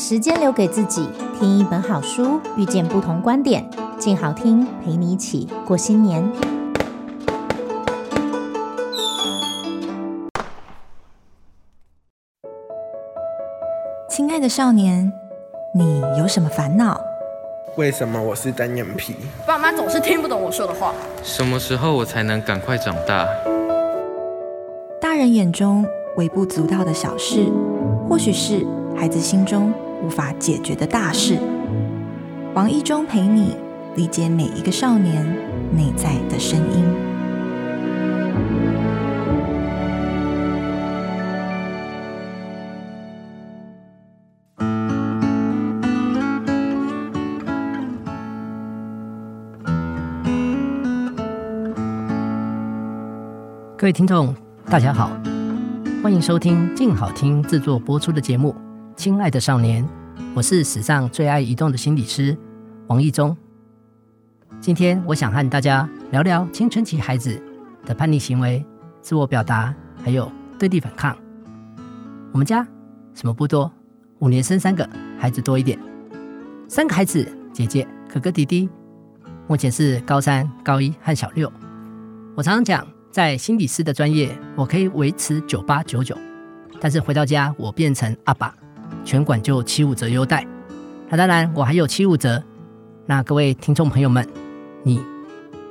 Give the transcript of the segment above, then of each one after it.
時間留給自己，聽一本好書，遇見不同觀點。靜好聽，陪你一起過新年。親愛的少年，你有什麼煩惱？為什麼我是單眼皮？爸媽總是聽不懂我說的話。什麼時候我才能趕快長大？大人眼中微不足道的小事，或許是孩子心中。無法解決的大事。王意中陪你理解每一個少年內在的聲音。各位聽眾，大家好，歡迎收聽鏡好聽製作播出的節目。親愛的少年，我是史上最愛移動的心理師王意中。今天我想和大家聊聊青春期孩子的叛逆行為、自我表達，還有對立反抗。我們家什麼不多，五年生三個，孩子多一點，三個孩子，姐姐、哥哥、弟弟，目前是高三、高一和小六。我常常講，在心理師的專業，我可以維持九八九九，但是回到家，我變成阿爸。全館就七五折優待，那、啊、當然我還有七五折。那各位聽眾朋友們，你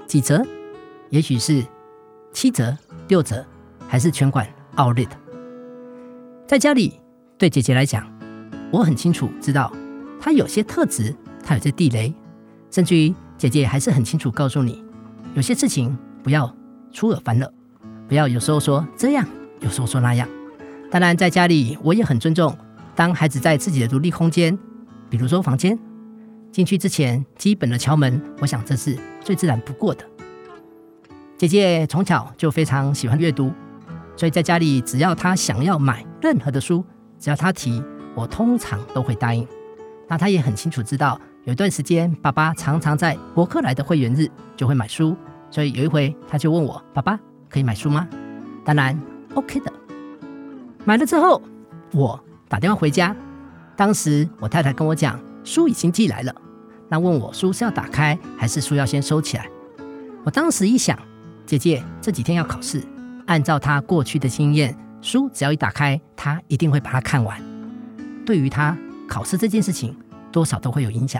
幾折？也許是七折、六折，還是全館 all in？在家裡對姐姐來講，我很清楚知道她有些特質，她有些地雷，甚至於姐姐還是很清楚告訴你，有些事情不要出爾反爾，不要有時候說這樣，有時候說那樣。當然在家裡我也很尊重。當孩子在自己的獨立空間，比如說房間，進去之前基本的敲門，我想這是最自然不過的。姐姐從小就非常喜歡閱讀，所以在家裡只要她想要買任何的書，只要她提，我通常都會答應。那她也很清楚知道，有一段時間爸爸常常在博客來的會員日就會買書，所以有一回她就問我：“爸爸可以買書嗎？”當然 OK 的。買了之後，我。打電話回家，當時我太太跟我講，書已經寄來了。那問我書是要打開，還是書要先收起來？我當時一想，姐姐這幾天要考試，按照她過去的經驗，書只要一打開，她一定會把它看完。對於她考試這件事情，多少都會有影響，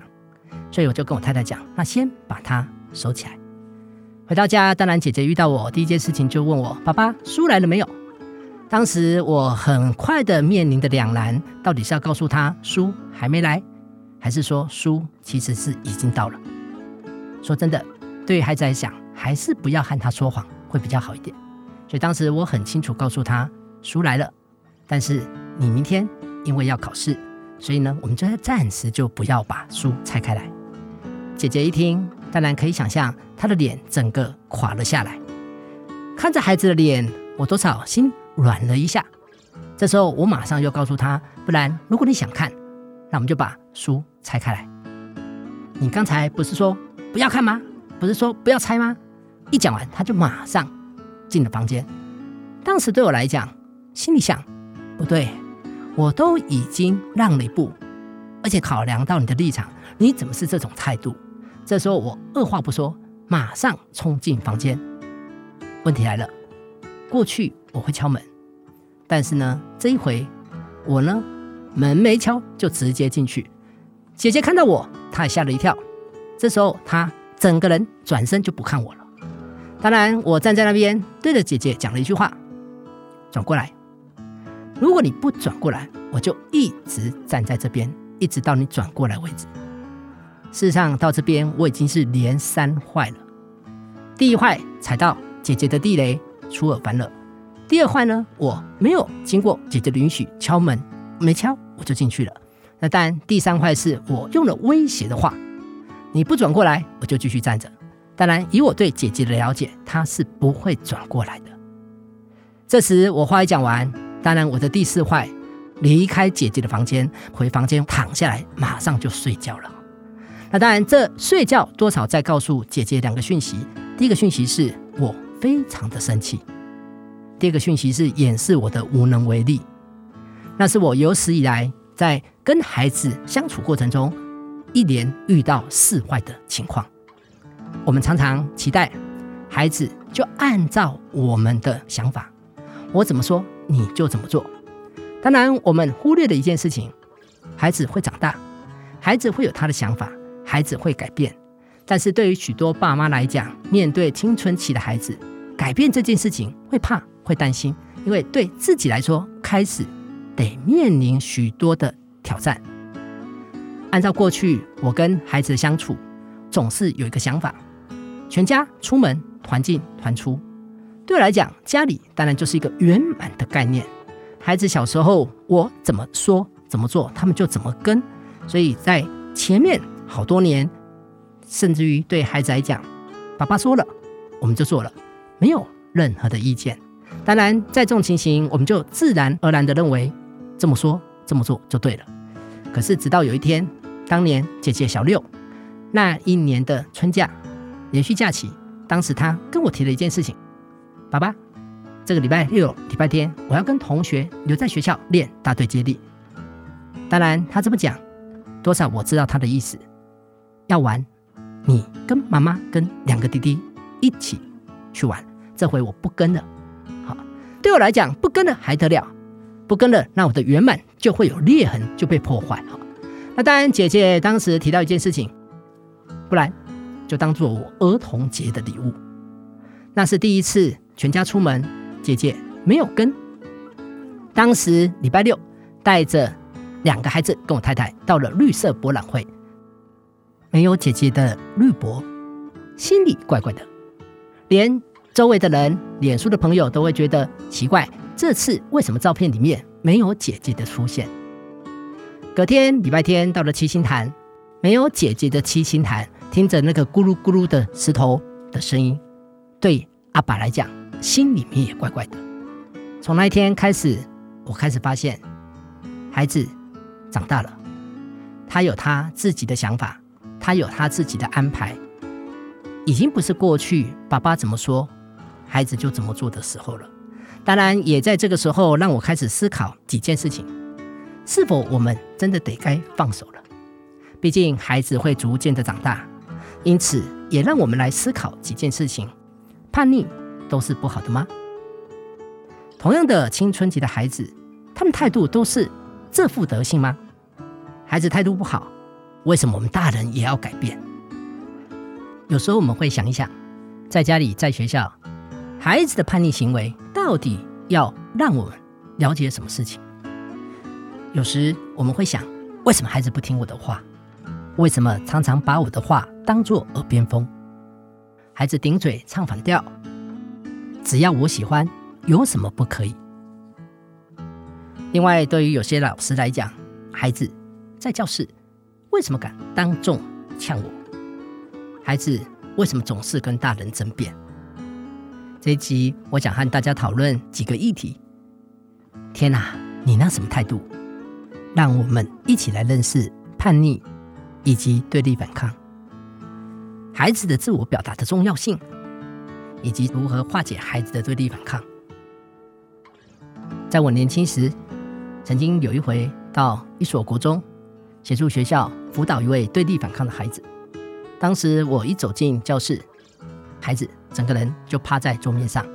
所以我就跟我太太講，那先把它收起來。回到家，當然姐姐遇到我，第一件事情就問我，爸爸，書來了沒有？當時我很快的面臨的兩難，到底是要告訴他書還沒來，還是說書其實是已經到了？說真的，對於孩子來講，還是不要和他說謊會比較好一點。所以當時我很清楚告訴他，書來了，但是你明天因為要考試，所以呢，我們就暫時就不要把書拆開來。姐姐一聽，當然可以想象她的臉整個垮了下來。看着孩子的臉，我多少心。軟了一下，這時候我馬上就告訴他，不然如果你想看，那我們就把書拆開來。你剛才不是說不要看嗎？不是說不要拆嗎？一講完，他就馬上進了房間。當時對我來講，心裡想，不對，我都已經讓了一步，而且考量到你的立場，你怎麼是這種態度？這時候我二話不說，馬上衝進房間。問題來了。過去我會敲門，但是呢，這一回我呢，門沒敲就直接進去。姐姐看到我，她也嚇了一跳。這時候她整個人轉身就不看我了。當然，我站在那邊對着姐姐講了一句話：“轉過來！如果你不轉過來，我就一直站在這邊，一直到你轉過來為止。”事實上，到這邊我已經是連三壞了。第一壞踩到姐姐的地雷。出爾反爾。第二壞呢，我沒有經過姐姐允許敲門，沒敲我就進去了。那當然，第三壞是我用了威脅的話，你不轉過來，我就繼續站着。當然，以我對姐姐的了解，她是不會轉過來的。這時我話一講完，當然我的第四壞，離開姐姐的房間，回房間躺下來，馬上就睡覺了。那當然，這睡覺多少在告訴姐姐兩個訊息。第一個訊息是我。非常的生氣。第二個訊息是掩飾我的無能為力，那是我有史以來在跟孩子相處過程中一年遇到事壞的情況。我們常常期待孩子就按照我們的想法，我怎麼說你就怎麼做。當然，我們忽略了一件事情，孩子會長大，孩子會有他的想法，孩子會改變。但是對於許多爸媽來講，面對青春期的孩子。改變這件事情會怕、會擔心，因為對自己來說開始得面臨許多的挑戰。按照過去我跟孩子的相處，總是有一個想法：全家出門團進團出。對我來講，家裡當然就是一個圓滿的概念。孩子小時候，我怎麼說怎麼做，他們就怎麼跟。所以在前面好多年，甚至於對孩子來講，爸爸說了，我們就做了。沒有任何的意見。當然，在這種情形，我們就自然而然地認為這麼說、這麼做就對了。可是，直到有一天，當年姐姐小六那一年的春假，連續假期，當時她跟我提了一件事情：“爸爸，這個禮拜六、禮拜天，我要跟同學留在學校練大隊接力。”當然，她這麼講，多少我知道她的意思，要玩，你跟媽媽跟兩個弟弟一起去玩。這回我不跟了，好，對我來講不跟了還得了？不跟了，那我的圓滿就會有裂痕，就被破壞。好，那當然，姐姐當時提到一件事情，不然就當做我兒童節的禮物。那是第一次全家出門，姐姐沒有跟。當時禮拜六帶着兩個孩子跟我太太到了綠色博覽會，沒有姐姐的綠博，心裡怪怪的，連。周圍的人、臉書的朋友都會覺得奇怪，這次為什麼照片裡面沒有姐姐的出現？隔天禮拜天到了七星潭，沒有姐姐的七星潭，聽着那個咕嚕咕嚕的石頭的聲音，對阿爸來講，心裡面也怪怪的。從那一天開始，我開始發現，孩子長大了，他有他自己的想法，他有他自己的安排，已經不是過去爸爸怎麼說。孩子就怎麼做的時候了，當然也在這個時候讓我開始思考幾件事情：是否我們真的得該放手了？畢竟孩子會逐漸的長大，因此也讓我們來思考幾件事情：叛逆都是不好的嗎？同樣的青春期的孩子，他們態度都是這副德性嗎？孩子態度不好，為什麼我們大人也要改變？有時候我們會想一想，在家裡，在學校。孩子的叛逆行為到底要讓我們了解什麼事情？有時我們會想，為什麼孩子不聽我的話？為什麼常常把我的話當作耳邊風？孩子頂嘴唱反調，只要我喜歡，有什麼不可以？另外，對於有些老師來講，孩子在教室為什麼敢當眾嗆我？孩子為什麼總是跟大人爭辯？這一集，我想和大家討論幾個議題。天啊，你那什麼態度？讓我們一起來認識叛逆以及對立反抗，孩子的自我表達的重要性，以及如何化解孩子的對立反抗。在我年輕時，曾經有一回到一所國中，協助學校輔導一位對立反抗的孩子。當時我一走進教室，孩子，整個人就趴在桌面上。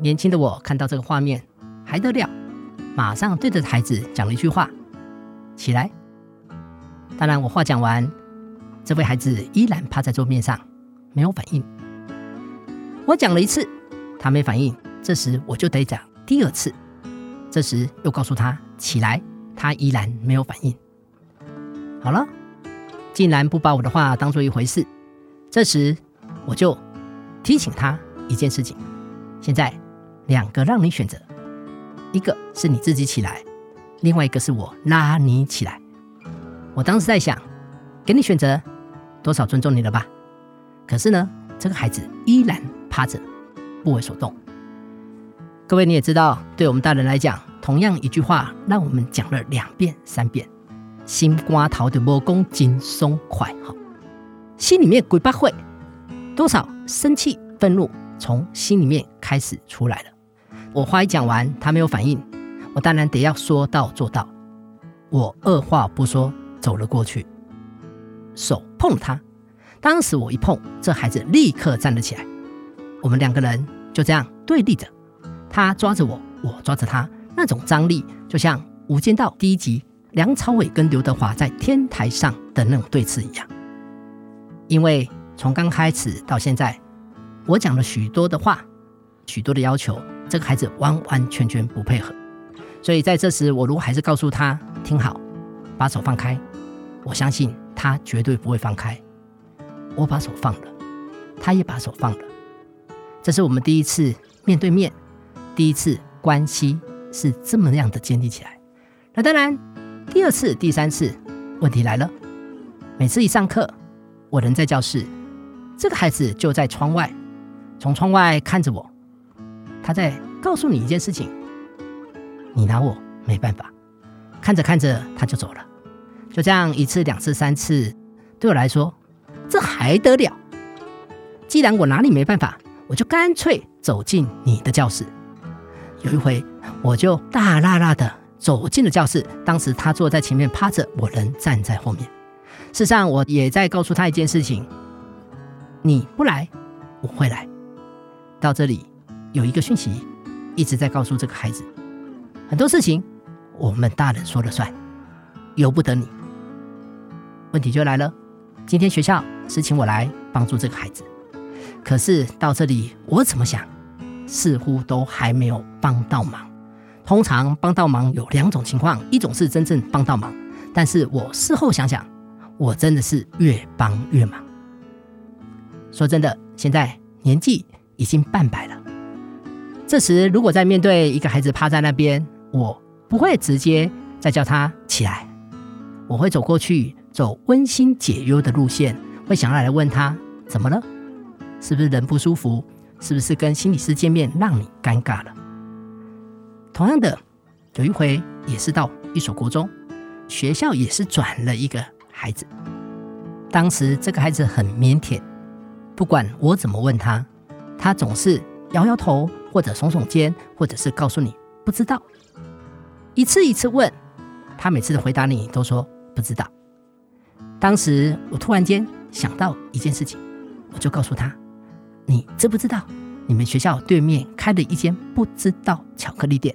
年輕的我看到這個畫面，還得了？馬上對着孩子講了一句話：“起來！”當然，我話講完，這位孩子依然趴在桌面上，沒有反應。我講了一次，他沒反應，這時我就得講第二次。這時又告訴他：“起來”，他依然沒有反應。好了，竟然不把我的話當做一回事。這時我就提醒他一件事情，現在兩個讓你選擇，一個是你自己起來，另外一個是我拉你起來。我當時在想，給你選擇，多少尊重你了吧？可是呢，這個孩子依然趴着，不為所動。各位你也知道，對我們大人來講，同樣一句話，讓我們講了兩遍、三遍，心瓜桃的魔功真鬆快、哦、心裡面鬼不會。多少生氣、憤怒從心裡面開始出來了。我話一講完，他沒有反應，我當然得要說到做到。我二話不說走了過去，手碰了他。當時我一碰，這孩子立刻站了起來。我們兩個人就這樣對立着，他抓着我，我抓着他，那種張力就像《無間道》第一集梁朝偉跟劉德華在天台上的那種對峙一樣，因為。從剛開始到現在，我講了許多的話，許多的要求，這個孩子完完全全不配合。所以在這時，我如果還是告訴他：“聽好，把手放開。”我相信他絕對不會放開。我把手放了，他也把手放了。這是我們第一次面對面，第一次關係是這麼樣的建立起來。那當然，第二次、第三次，問題來了。每次一上課，我人在教室，這個孩子就在窗外，從窗外看着我，他在告訴你一件事情，你拿我沒辦法。看着看着，他就走了。就這樣一次、兩次、三次，對我來說，這還得了？既然我拿你沒辦法，我就乾脆走進你的教室。有一回，我就大剌剌的走進了教室。當時他坐在前面趴着，我人站在後面。事實上，我也在告訴他一件事情。你不來，我會來到這裡。有一個訊息一直在告訴這個孩子：很多事情我們大人說了算，由不得你。問題就來了，今天學校是請我來幫助這個孩子，可是到這裡我怎麼想，似乎都還沒有幫到忙。通常幫到忙有兩種情況，一種是真正幫到忙，但是我事後想想，我真的是越幫越忙。說真的，現在年紀已經半百了。這時，如果再面對一個孩子趴在那邊，我不會直接再叫他起來，我會走過去走溫馨解憂的路線，會想要來問他怎麼了，是不是人不舒服，是不是跟心理師見面讓你尷尬了。同樣的，有一回也是到一所國中，學校也是轉了一個孩子，當時這個孩子很靦腆。不管我怎麼問他，他總是搖搖頭，或者聳聳肩，或者是告訴你不知道。一次一次問，他每次的回答你都說不知道。當時我突然間想到一件事情，我就告訴他：“你知不知道，你們學校對面開了一間不知道巧克力店？”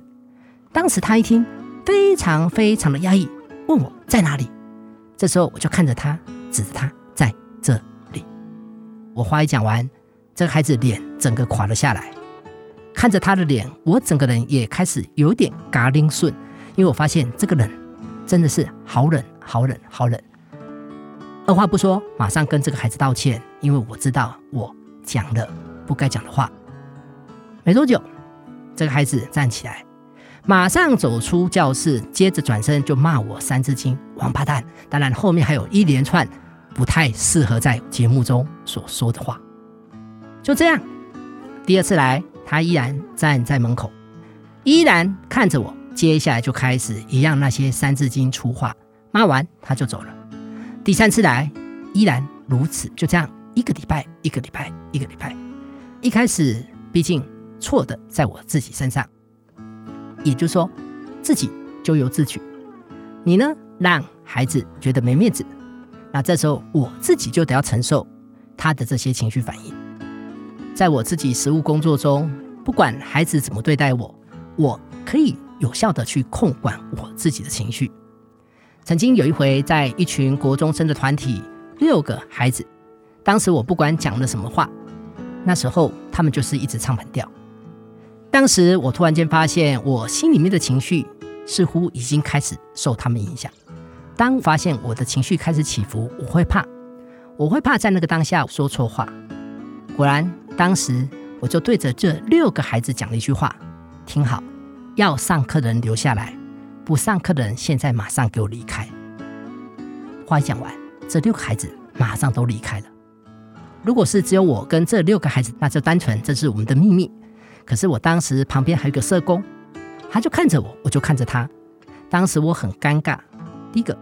當時他一聽，非常非常的壓抑，問我在哪裡。這時候我就看着他，指着他在這。我話一講完，這個孩子臉整個垮了下來。看着他的臉，我整個人也開始有點嘎鈴順，因為我發現這個人真的是好冷、好冷、好冷。二話不說，馬上跟這個孩子道歉，因為我知道我講了不該講的話。沒多久，這個孩子站起來，馬上走出教室，接着轉身就罵我“三字經，王八蛋”。當然，後面還有一連串。不太適合在節目中所說的話。就這樣，第二次來，他依然站在門口，依然看着我。接下來就開始一樣那些三字經粗話，罵完他就走了。第三次來，依然如此。就這樣，一個禮拜一個禮拜一個禮拜。一開始，畢竟錯的在我自己身上，也就是說，自己咎由自取。你呢，讓孩子覺得沒面子。那這時候我自己就得要承受他的這些情緒反應。在我自己實務工作中，不管孩子怎麼對待我，我可以有效的去控管我自己的情緒。曾經有一回，在一群國中生的團體，六個孩子，當時我不管講了什麼話，那時候他們就是一直唱反調。當時我突然間發現，我心裡面的情緒似乎已經開始受他們影響。當發現我的情緒開始起伏，我會怕，我會怕在那個當下說錯話。果然，當時我就對着這六個孩子講了一句話：“聽好，要上課的人留下來，不上課的人現在馬上給我離開。”話一講完，這六個孩子馬上都離開了。如果是只有我跟這六個孩子，那就單純這是我們的秘密。可是我當時旁邊還有一個社工，他就看着我，我就看着他。當時我很尷尬，第一個。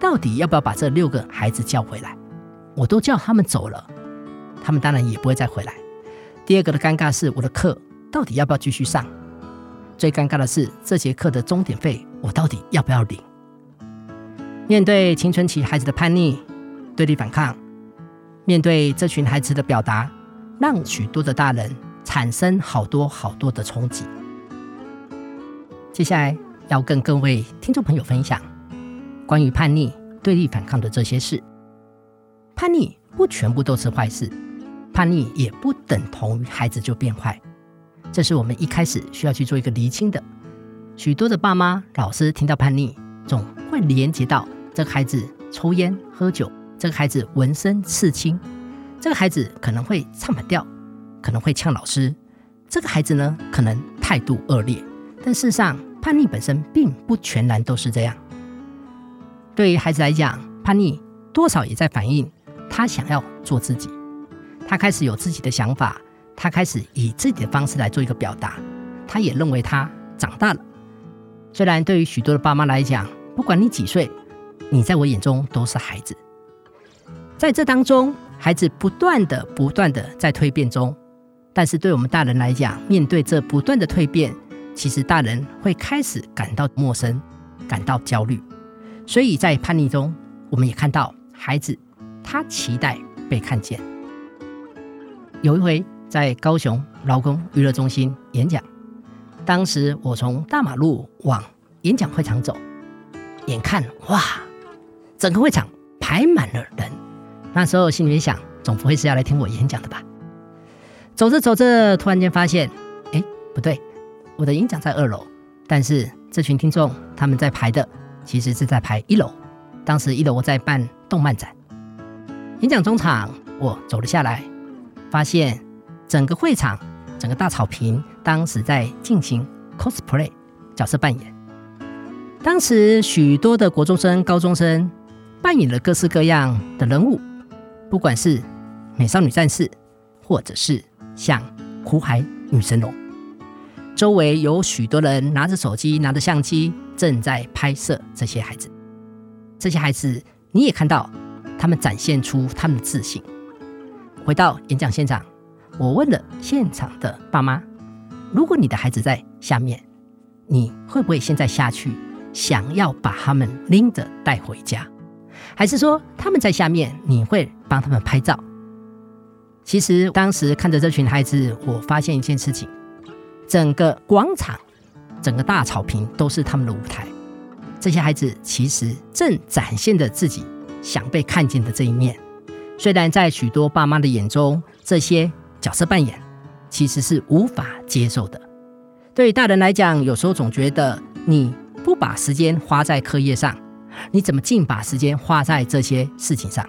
到底要不要把這六個孩子叫回來？我都叫他們走了，他們當然也不會再回來。第二個的尷尬是，我的課到底要不要繼續上？最尷尬的是，這節課的鐘點費我到底要不要領？面對青春期孩子的叛逆、對立、反抗，面對這群孩子的表達，讓許多的大人產生好多好多的衝擊。接下來要跟各位聽眾朋友分享。關於叛逆、對立、反抗的這些事，叛逆不全部都是壞事，叛逆也不等同於孩子就變壞。這是我們一開始需要去做一個釐清的。許多的爸媽、老師聽到叛逆，總會聯結到這個孩子抽菸喝酒，這個孩子紋身刺青，這個孩子可能會唱反調，可能會嗆老師，這個孩子呢可能態度惡劣。但事實上，叛逆本身並不全然都是這樣。對於孩子來講，叛逆多少也在反映他想要做自己。他開始有自己的想法，他開始以自己的方式來做一個表達。他也認為他長大了。雖然對於許多的爸媽來講，不管你幾歲，你在我眼中都是孩子。在這當中，孩子不斷的、不斷的在蛻變中。但是對我們大人來講，面對這不斷的蛻變，其實大人會開始感到陌生，感到焦慮。所以在叛逆中，我們也看到孩子，他期待被看見。有一回在高雄勞工娛樂中心演講，當時我從大馬路往演講會場走，眼看哇，整個會場排滿了人。那時候心裡面想，總不會是要來聽我演講的吧？走着走着，突然間發現，哎，不對，我的演講在二樓，但是這群聽眾他們在排的。其實是在排一樓，當時一樓我在辦動漫展。演講中場我走了下來，發現整個會場、整個大草坪當時在進行 cosplay 角色扮演，當時許多的國中生、高中生扮演了各式各樣的人物，不管是美少女戰士，或者是像苦海女神龍，周圍有許多人拿着手機、拿着相機。正在拍攝這些孩子，這些孩子你也看到，他們展現出他們的自信。回到演講現場，我問了現場的爸媽：“如果你的孩子在下面，你會不會現在下去，想要把他們拎着帶回家？還是說他們在下面，你會幫他們拍照？”其實當時看着這群孩子，我發現一件事情，整個廣場。整個大草坪都是他們的舞台，這些孩子其實正展現着自己想被看見的這一面。雖然在許多爸媽的眼中，這些角色扮演其實是無法接受的。對於大人來講，有時候總覺得你不把時間花在課業上，你怎麼盡把時間花在這些事情上？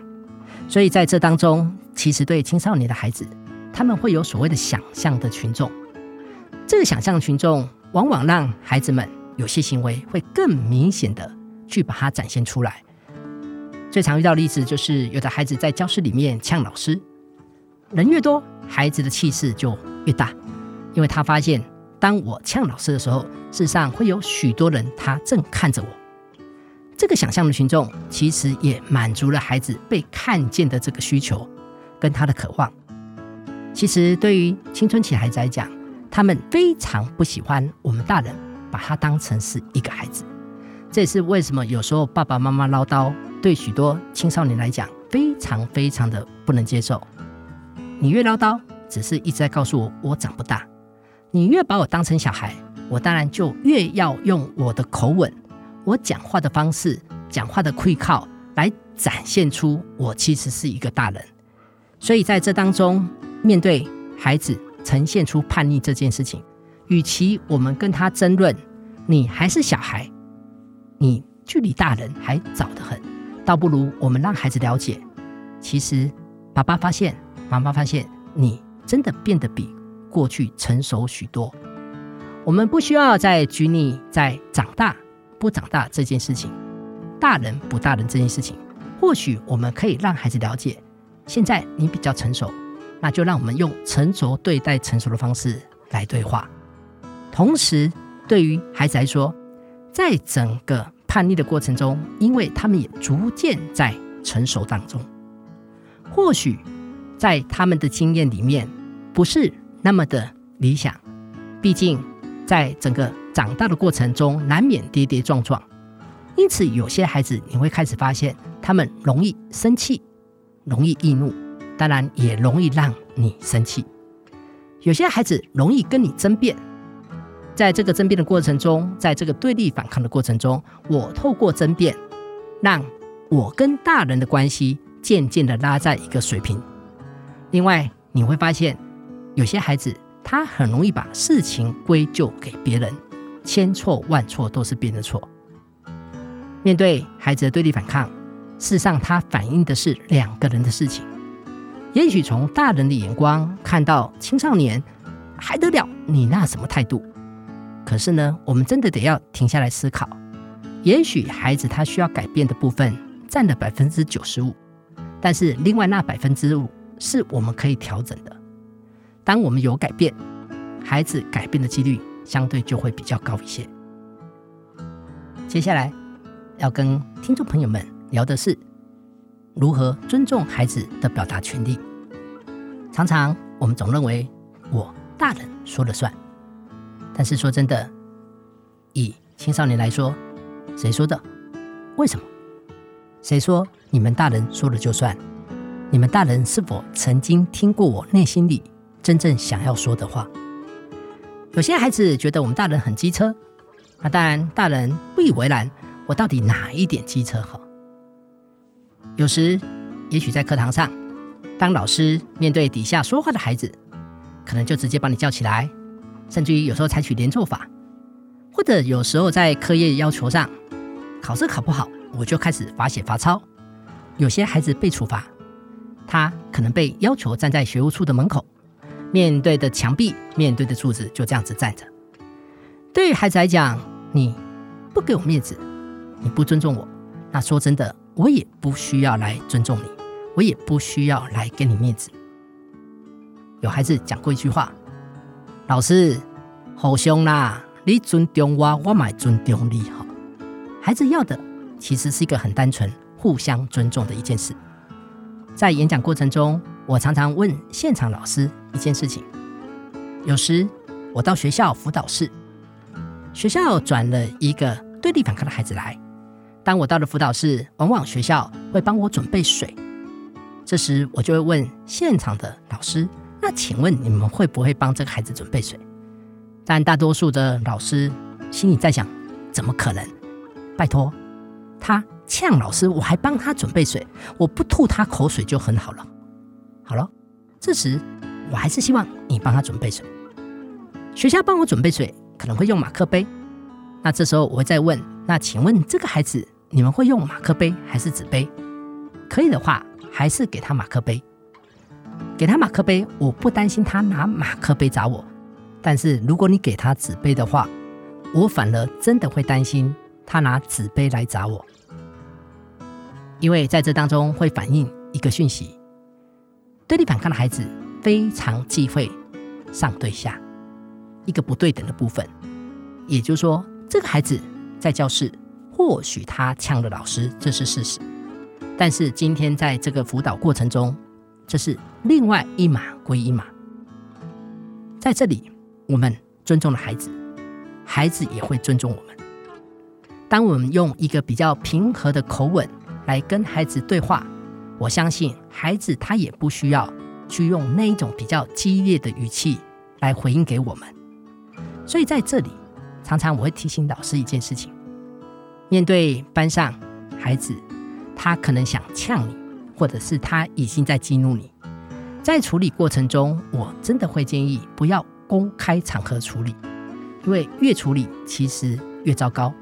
所以在這當中，其實對青少年的孩子，他們會有所謂的想象的群眾，這個想象的群眾，往往讓孩子們有些行為會更明顯的去把它展現出來。最常遇到的例子就是，有的孩子在教室裡面嗆老師，人越多，孩子的氣勢就越大，因為他發現，當我嗆老師的時候，事實上會有許多人他正看着我。這個想象的群眾，其實也滿足了孩子被看見的這個需求跟他的渴望。其實，對於青春期孩子來講，他們非常不喜歡我們大人把他當成是一個孩子，這也是為什麼有時候爸爸媽媽嘮叨，對許多青少年來講非常非常的不能接受。你越嘮叨，只是一直在告訴我我長不大。你越把我當成小孩，我當然就越要用我的口吻、我講話的方式、講話的氣口來展現出我其實是一個大人。所以在這當中，面對孩子呈現出叛逆這件事情，與其我們跟他爭論，你還是小孩，你距離大人還早得很，倒不如我們讓孩子了解，其實爸爸發現，媽媽發現，你真的變得比過去成熟許多。我們不需要再拘泥在長大不長大這件事情，大人不大人這件事情，或許我們可以讓孩子了解，現在你比較成熟。那就讓我們用沉着對待成熟的方式來對話。同時，對於孩子來說，在整個叛逆的過程中，因為他們也逐漸在成熟當中，或許在他們的經驗裡面不是那麼的理想。畢竟，在整個長大的過程中，難免跌跌撞撞。因此，有些孩子你會開始發現，他們容易生氣，容易易怒。當然也容易讓你生氣。有些孩子容易跟你爭辯，在這個爭辯的過程中，在這個對立反抗的過程中，我透過爭辯，讓我跟大人的關係漸漸的拉在一個水平。另外，你會發現有些孩子他很容易把事情歸咎給別人，千錯萬錯都是別人的錯。面對孩子的對立反抗，事實上他反映的是兩個人的事情。也許從大人的眼光看到青少年，還得了，你那什麼態度？可是呢，我們真的得要停下來思考。也許孩子他需要改變的部分佔了百分之九十五，但是另外那百分之五是我們可以調整的。當我們有改變，孩子改變的幾率相對就會比較高一些。接下來要跟聽眾朋友們聊的是。如何尊重孩子的表達權利？常常我們總認為我大人說了算，但是說真的，以青少年來說，誰說的？為什麼？誰說你們大人說了就算？你們大人是否曾經聽過我內心裡真正想要說的話？有些孩子覺得我們大人很機車啊，當然大人不以為然。我到底哪一點機車好？有時，也許在課堂上，當老師面對底下說話的孩子，可能就直接把你叫起來，甚至於有時候採取連坐法，或者有時候在課業要求上，考試考不好，我就開始罰寫罰抄。有些孩子被處罰，他可能被要求站在學務處的門口，面對着牆壁，面對着柱子，就這樣子站着。對於孩子來講，你不給我面子，你不尊重我，那說真的。我也不需要來尊重你，我也不需要來給你面子。有孩子講過一句話：“老師，互相啦，你尊重我，我買尊重你哈。哦”孩子要的其實是一個很單純、互相尊重的一件事。在演講過程中，我常常問現場老師一件事情。有時我到學校輔導室，學校轉了一個對立反抗的孩子來。當我到了輔導室，往往學校會幫我準備水。這時我就會問現場的老師：“那請問你們會不會幫這個孩子準備水？”但大多數的老師心裡在想：“怎麼可能？拜托，他嗆老師，我還幫他準備水，我不吐他口水就很好了。”好了，這時我還是希望你幫他準備水。學校幫我準備水，可能會用馬克杯。那這時候我會再問：“那請問這個孩子……”你們會用馬克杯還是紙杯？可以的話，還是給他馬克杯。給他馬克杯，我不擔心他拿馬克杯砸我。但是如果你給他紙杯的話，我反而真的會擔心他拿紙杯來砸我。因為在這當中會反映一個訊息：對立反抗的孩子非常忌諱上對下，一個不對等的部分。也就是說，這個孩子在教室。或許他嗆了老師，這是事實。但是今天在這個輔導過程中，這是另外一碼歸一碼。在這裡，我們尊重了孩子，孩子也會尊重我們。當我們用一個比較平和的口吻來跟孩子對話，我相信孩子他也不需要去用那一種比較激烈的語氣來回應給我們。所以在這裡，常常我會提醒老師一件事情。面對班上孩子，他可能想嗆你，或者是他已經在激怒你。在處理過程中，我真的會建議不要公開場合處理，因為越處理其實越糟糕。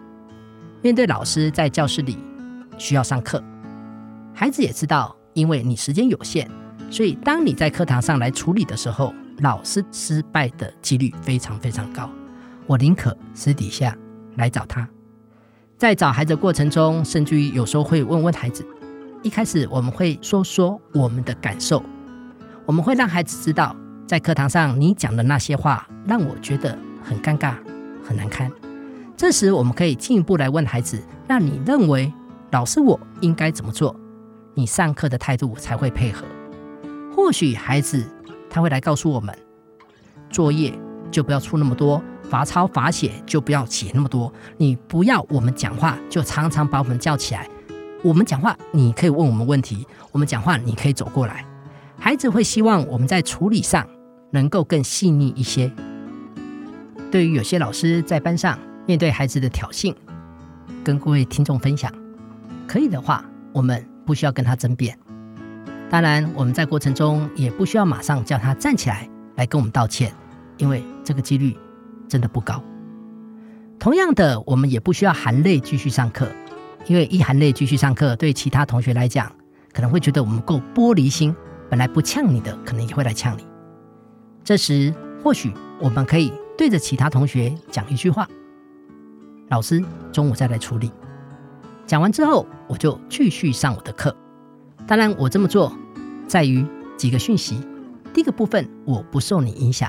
面對老師在教室裡需要上課，孩子也知道，因為你時間有限，所以當你在課堂上來處理的時候，老師失敗的幾率非常非常高。我寧可私底下來找他。在找孩子的過程中，甚至於有時候會問問孩子。一開始我們會說說我們的感受，我們會讓孩子知道，在課堂上你講的那些話讓我覺得很尷尬、很難堪。這時我們可以進一步來問孩子：“那你認為老師我應該怎麼做，你上課的態度才會配合？”或許孩子他會來告訴我們：“作業就不要出那麼多。”罰抄罰寫就不要寫那麼多，你不要我們講話就常常把我們叫起來。我們講話你可以問我們問題，我們講話你可以走過來。孩子會希望我們在處理上能夠更細膩一些。對於有些老師在班上面對孩子的挑釁，跟各位聽眾分享，可以的話，我們不需要跟他爭辯。當然，我們在過程中也不需要馬上叫他站起來來跟我們道歉，因為這個幾率。真的不高。同樣的，我們也不需要含淚繼續上課，因為一含淚繼續上課，對其他同學來講，可能會覺得我們夠玻璃心，本來不嗆你的，可能也會來嗆你。這時，或許我們可以對着其他同學講一句話：“老師，中午再來處理。”講完之後，我就繼續上我的課。當然，我這麼做在於幾個訊息：第一個部分，我不受你影響。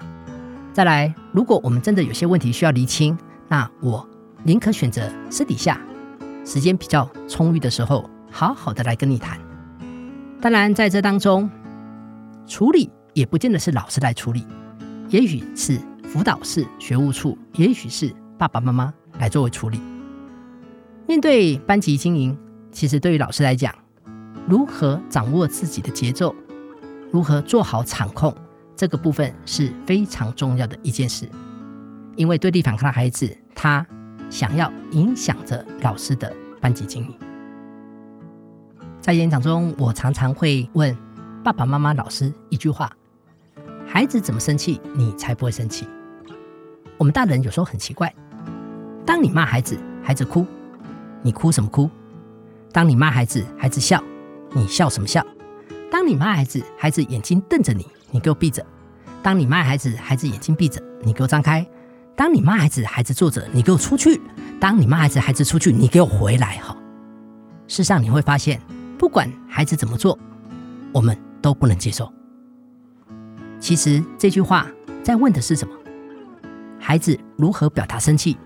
再來，如果我們真的有些問題需要釐清，那我寧可選擇私底下，時間比較充裕的時候，好好的來跟你談。當然，在這當中，處理也不見得是老師來處理，也許是輔導室、學務處，也許是爸爸媽媽來作為處理。面對班級經營，其實對於老師來講，如何掌握自己的節奏，如何做好場控。這個部分是非常重要的一件事，因為對立反抗的孩子，他想要影響着老師的班級經營。在演講中，我常常會問爸爸媽媽、老師一句話：“孩子怎麼生氣，你才不會生氣？”我們大人有時候很奇怪，當你罵孩子，孩子哭，你哭什麼哭？當你罵孩子，孩子笑，你笑什麼笑？當你罵孩子，孩子眼睛瞪着你，你給我閉着。當你罵孩子，孩子眼睛閉着，你給我張開；當你罵孩子，孩子坐着，你給我出去；當你罵孩子，孩子出去，你給我回來。哈、哦，事實上你會發現，不管孩子怎麼做，我們都不能接受。其實這句話在問的是什麼？孩子如何表達生氣，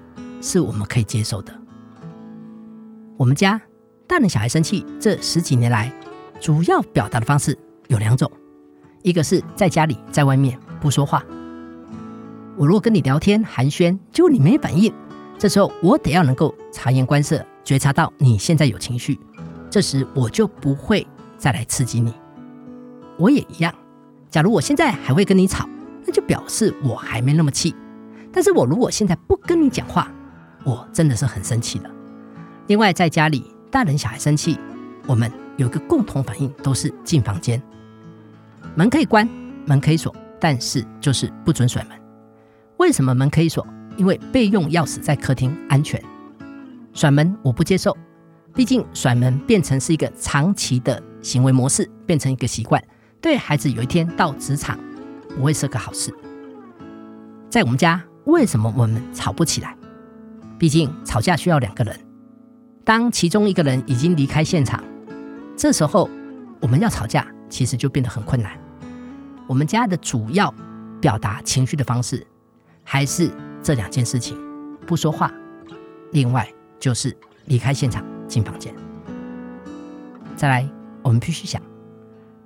是我們可以接受的。我們家大人小孩生氣這十幾年來，主要表達的方式有兩種。一個是在家裡，在外面不說話。我如果跟你聊天寒暄，就你沒反應，這時候我得要能夠察言觀色，覺察到你現在有情緒，這時我就不會再來刺激你。我也一樣，假如我現在還會跟你吵，那就表示我還沒那麼氣。但是我如果現在不跟你講話，我真的是很生氣的。另外，在家裡，大人小孩生氣，我們有個共同反應都是進房間。門可以關，門可以鎖，但是就是不准甩門。為什麼門可以鎖？因為備用鑰匙在客廳，安全。甩門我不接受，畢竟甩門變成是一個長期的行為模式，變成一個習慣，對孩子有一天到職場不會是個好事。在我們家，為什麼我們吵不起來？畢竟吵架需要兩個人。當其中一個人已經離開現場，這時候我們要吵架，其實就變得很困難。我們家的主要表達情緒的方式還是這兩件事情：不說話，另外就是離開現場進房間。再來，我們必須想，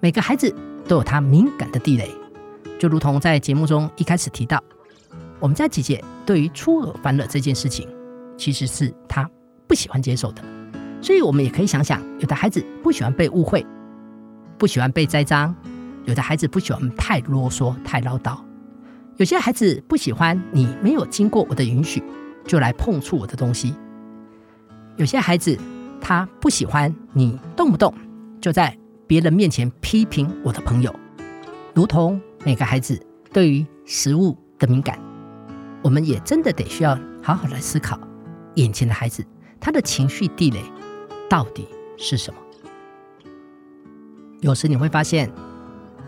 每個孩子都有他敏感的地雷，就如同在節目中一開始提到，我們家姐姐對於出爾反爾這件事情，其實是她不喜歡接受的。所以我們也可以想想，有的孩子不喜歡被誤會，不喜歡被栽贓。有的孩子不喜歡太囉嗦、太嘮叨；有些孩子不喜歡你沒有經過我的允許就來碰觸我的東西；有些孩子他不喜歡你動不動就在別人面前批評我的朋友。如同每個孩子對於食物的敏感，我們也真的得需要好好來思考眼前的孩子，他的情緒地雷到底是什麼？有時你會發現。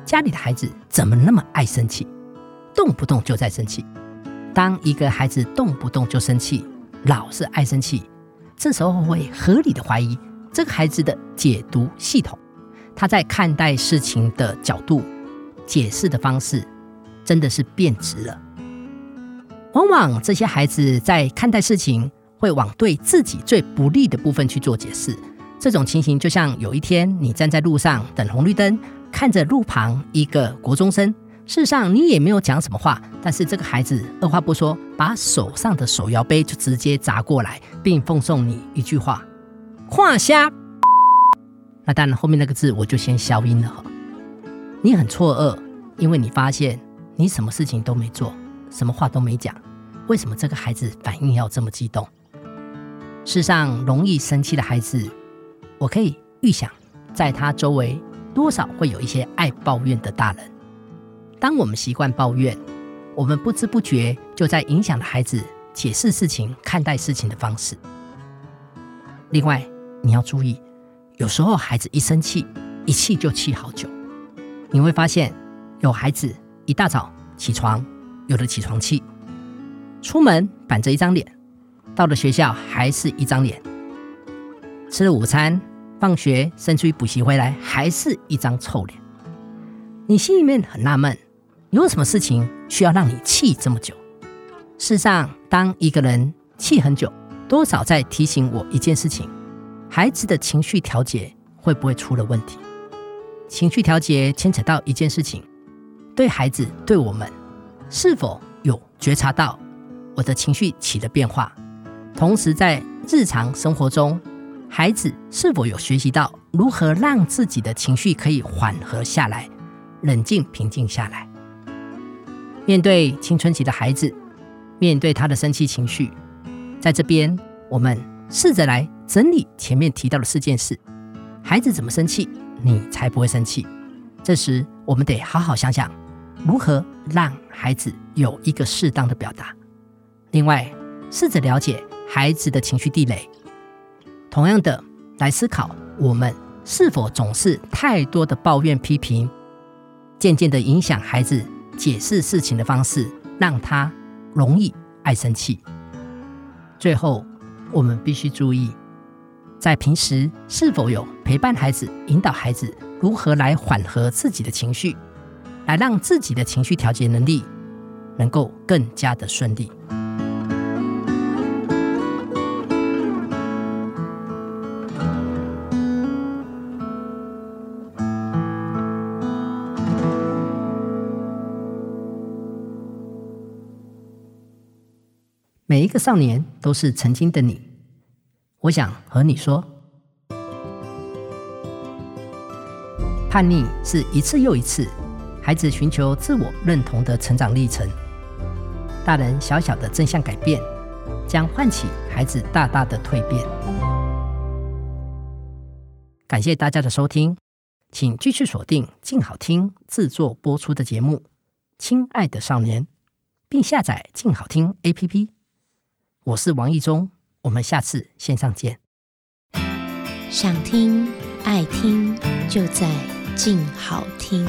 家裡的孩子怎麼那麼愛生氣？動不動就在生氣。當一個孩子動不動就生氣，老是愛生氣，這時候會合理的懷疑這個孩子的解讀系統，他在看待事情的角度、解釋的方式真的是變質了。往往這些孩子在看待事情會往對自己最不利的部分去做解釋。這種情形就像有一天你站在路上等紅綠燈。看着路旁一個國中生，事實上你也沒有講什麼話，但是這個孩子二話不說，把手上的手搖杯就直接砸過來，並奉送你一句話：“畫蝦瞎。”那當然，後面那個字我就先消音了。你很錯愕，因為你發現你什麼事情都沒做，什麼話都沒講，為什麼這個孩子反應要這麼激動？事實上容易生氣的孩子，我可以預想，在他周圍。多少會有一些愛抱怨的大人。當我們習慣抱怨，我們不知不覺就在影響孩子解釋事情、看待事情的方式。另外，你要注意，有時候孩子一生氣，一氣就氣好久。你會發現，有孩子一大早起床，有了起床氣，出門板着一張臉，到了學校還是一張臉，吃了午餐。放學，甚至於補習回來，還是一張臭臉。你心裡面很納悶，有什麼事情需要讓你氣這麼久？事實上，當一個人氣很久，多少在提醒我一件事情：孩子的情緒調節會不會出了問題？情緒調節牽扯到一件事情，對孩子、對我們，是否有覺察到我的情緒起了變化？同時，在日常生活中，孩子是否有學習到如何讓自己的情緒可以緩和下來，冷靜平靜下來？面對青春期的孩子，面對他的生氣情緒，在這邊我們試着來整理前面提到的四件事：孩子怎麼生氣，你才不會生氣。這時我們得好好想想，如何讓孩子有一個適當的表達。另外，試着了解孩子的情緒地雷。同樣的，來思考我們是否總是太多的抱怨、批評，漸漸地影響孩子解釋事情的方式，讓他容易愛生氣。最後，我們必須注意，在平時是否有陪伴孩子、引導孩子如何來緩和自己的情緒，來讓自己的情緒調節能力能夠更加的順利。一個少年都是曾經的你，我想和你說，叛逆，是一次又一次孩子尋求自我認同的成長歷程。大人小小的正向改變，將喚起孩子大大的蛻變。感謝大家的收聽，請繼續鎖定靜好聽製作播出的節目《親愛的少年》，並下載靜好聽 APP。我是王意中，我們下次線上見。想聽、愛聽，就在靜好聽。